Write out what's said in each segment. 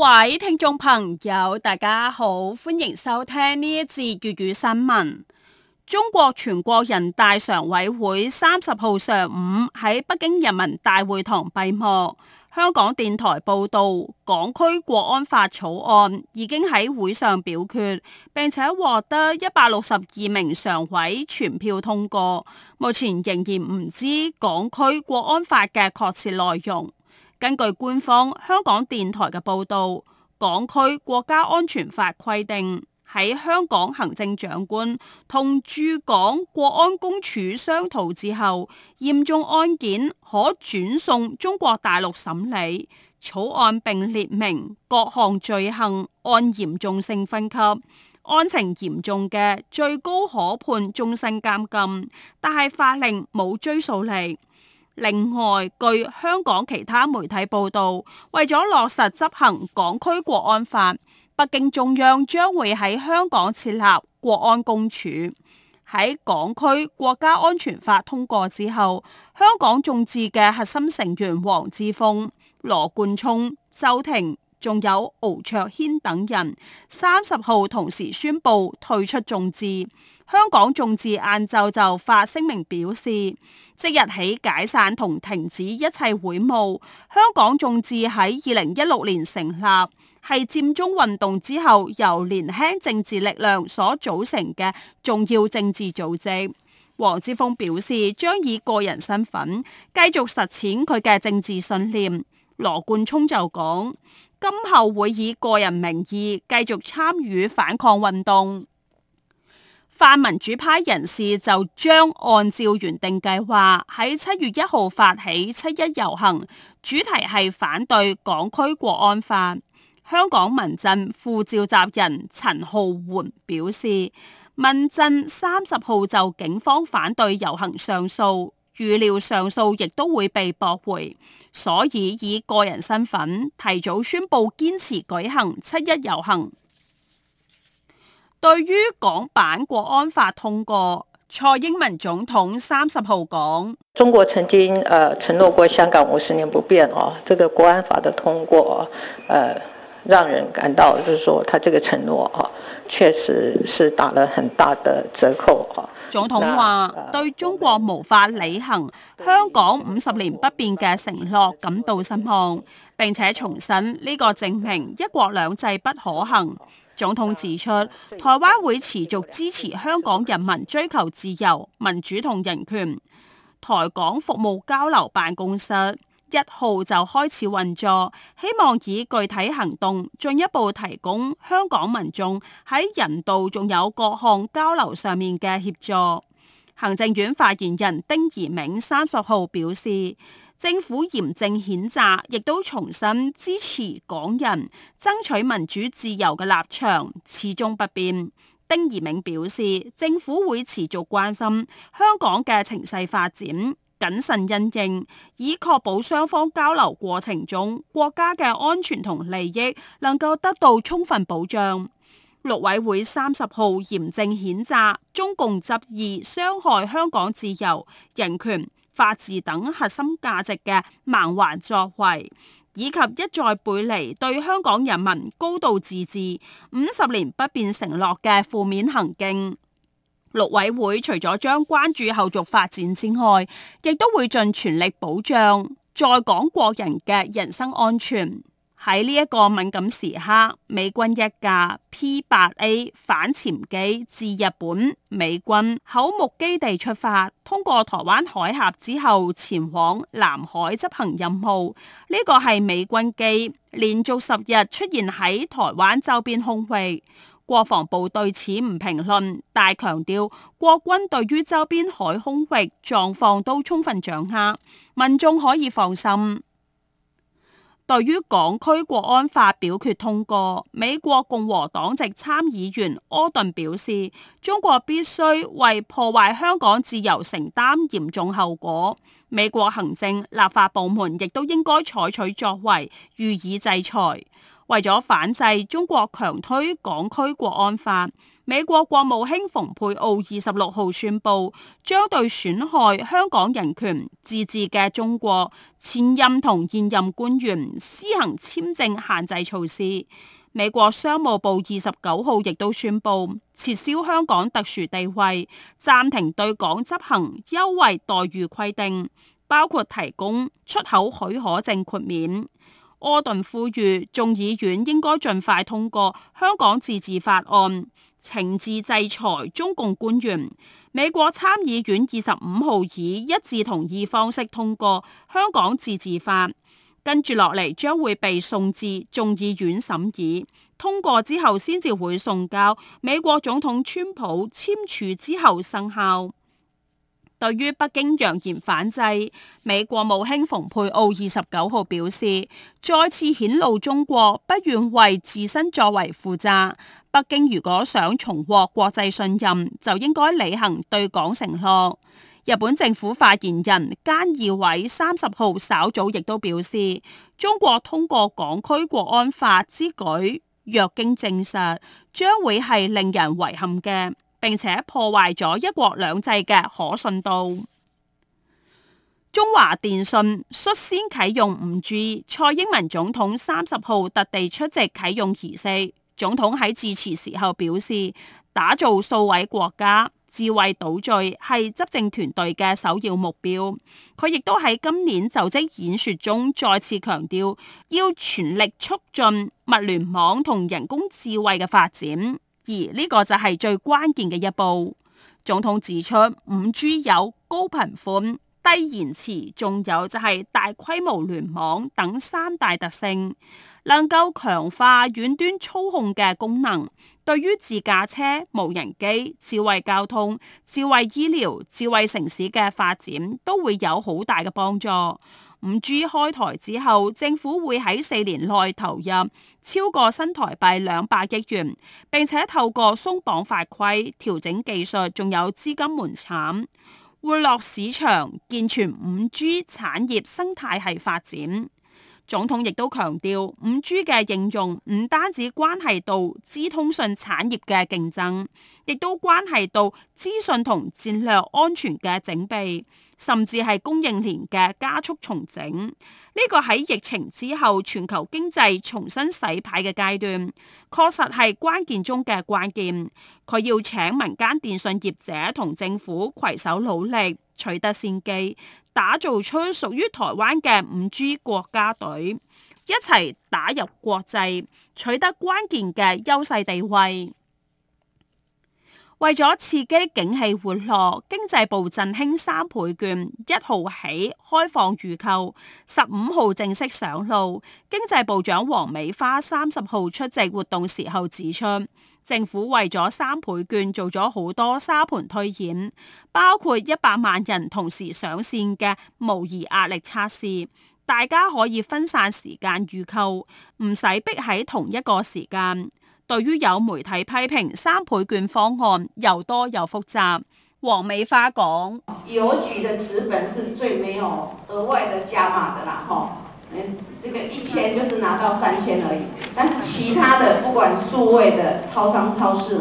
各位聽眾朋友，大家好，歡迎收聽呢一次粵語新聞。中國全國人大常委會三十號上午喺北京人民大會堂閉幕。香港電台報道，港區國安法草案已經喺會上表決，並且獲得一百六十二名常委全票通過。目前仍然唔知港區國安法嘅確切內容。根據官方香港電台嘅報道，港區國家安全法規定，喺香港行政長官同駐港國安公署商討之後，嚴重案件可轉送中國大陸審理。草案並列明各項罪行按嚴重性分級，案情嚴重嘅最高可判終身監禁，但係法令冇追溯力。另外，據香港其他媒體報導，為咗落實執行港區國安法，北京中央將會喺香港設立國安公署。喺港區國家安全法通過之後，香港眾志嘅核心成員黃之鋒、羅冠聰、周庭，仲有敖卓軒等人，三十號同時宣布退出眾志。香港眾志晏晝就發聲明表示，即日起解散同停止一切會務。香港眾志喺二零一六年成立，係佔中運動之後由年輕政治力量所組成嘅重要政治組織。黃之鋒表示，將以個人身份繼續實踐佢嘅政治信念。羅冠聰就講：今後會以個人名義繼續參與反抗運動。泛民主派人士就將按照原定計劃喺七月一號發起七一遊行，主題係反對港區國安法。香港民陣副召集人陳浩桓表示，民陣三十號就警方反對遊行上訴。預料上訴亦都會被駁回，所以以個人身份提早宣佈堅持舉行七一遊行。對於港版國安法通過，蔡英文總統三十號講：「中國曾經誒、呃、承諾過香港五十年不變哦，這個國安法的通過誒。呃讓人感到就是說，他這個承諾哈，確實是打了很大的折扣哈。總統話對中國無法履行香港五十年不變嘅承諾感到失望，並且重申呢個證明一國兩制不可行。總統指出，台灣會持續支持香港人民追求自由、民主同人權。台港服務交流辦公室，一號就開始運作，希望以具體行動進一步提供香港民眾喺人道仲有各項交流上面嘅協助。行政院發言人丁怡銘三十號表示，政府嚴正譴責，亦都重申支持港人爭取民主自由嘅立場，始終不變。丁怡銘表示，政府會持續關心香港嘅情勢發展。謹慎因應認，以確保雙方交流過程中國家嘅安全同利益能夠得到充分保障。陸委會三十號嚴正譴責中共執意傷害香港自由、人權、法治等核心價值嘅蠻橫作為，以及一再背離對香港人民高度自治、五十年不變承諾嘅負面行徑。陸委會除咗將關注後續發展之外，亦都會盡全力保障在港國人嘅人身安全。喺呢一個敏感時刻，美軍一架 P 八 A 反潛機自日本美軍厚木基地出發，通過台灣海峽之後，前往南海執行任務。呢個係美軍機連續十日出現喺台灣周邊空域。國防部對此唔評論，但強調國軍對於周邊海空域狀況都充分掌握，民眾可以放心。對於港區國安法表決通過，美國共和黨籍參議員柯頓表示，中國必須為破壞香港自由承擔嚴重後果，美國行政立法部門亦都應該採取作為，予以制裁。為咗反制中國強推港區國安法，美國國務卿蓬佩奧二十六號宣布，將對損害香港人權、自治嘅中國前任同現任官員施行簽證限制措施。美國商務部二十九號亦都宣布，撤銷香港特殊地位，暫停對港執行優惠待遇規定，包括提供出口許可證豁免。柯頓呼籲眾議院應該盡快通過《香港自治法案》，懲治制裁中共官員。美國參議院二十五號以一致同意方式通過《香港自治法》，跟住落嚟將會被送至眾議院審議，通過之後先至會送交美國總統川普簽署之後生效。對於北京揚言反制，美國務卿蓬佩奧二十九號表示，再次顯露中國不願為自身作為負責。北京如果想重獲國際信任，就應該履行對港承諾。日本政府發言人菅義偉三十號稍早亦都表示，中國通過港區國安法之舉，若經證實，將會係令人遺憾嘅。並且破壞咗一國兩制嘅可信度。中華電信率先啟用 5G，蔡英文總統三十號特地出席啟用儀式。總統喺致辭時候表示，打造數位國家、智慧島嶼係執政團隊嘅首要目標。佢亦都喺今年就職演說中再次強調，要全力促進物聯網同人工智慧嘅發展。而呢個就係最關鍵嘅一步。總統指出，5G 有高頻寬、低延遲，仲有就係大規模聯網等三大特性，能夠強化遠端操控嘅功能，對於自駕車、無人機、智慧交通、智慧醫療、智慧城市嘅發展都會有好大嘅幫助。五 G 開台之後，政府會喺四年內投入超過新台幣兩百億元，並且透過鬆綁法規調整技術，仲有資金門檻，活絡市場，健全五 G 產業生態系發展。總統亦都強調，五 G 嘅應用唔單止關係到資通訊產業嘅競爭，亦都關係到資訊同戰略安全嘅整備，甚至係供應鏈嘅加速重整。呢、這個喺疫情之後全球經濟重新洗牌嘅階段，確實係關鍵中嘅關鍵。佢要請民間電信業者同政府攜手努力，取得先機。打造出屬於台灣嘅五 G 國家隊，一齊打入國際，取得關鍵嘅優勢地位。為咗刺激景氣活絡，經濟部振興三倍券一號起開放預購，十五號正式上路。經濟部長王美花三十號出席活動時候指出。政府為咗三倍券做咗好多沙盤推演，包括一百萬人同時上線嘅模擬壓力測試，大家可以分散時間預購，唔使逼喺同一個時間。對於有媒體批評三倍券方案又多又複雜，黃美花講：郵局嘅紙本是最沒有額外的加碼的啦，一千就是拿到三千而已，但是其他的不管數位的超商、超市，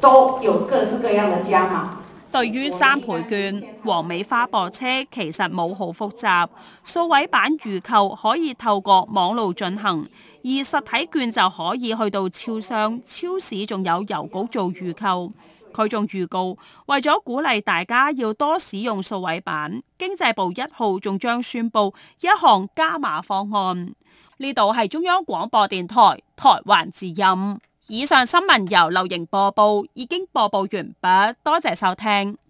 都有各式各樣的加碼。對於三倍券，黃美花駁車，其實冇好複雜，數位版預購可以透過網路進行，而實體券就可以去到超商、超市，仲有郵局做預購。佢仲預告，為咗鼓勵大家要多使用數位版，經濟部一號仲將宣佈一項加碼方案。呢度係中央廣播電台台灣之音。以上新聞由流盈播報，已經播報完畢，多謝收聽。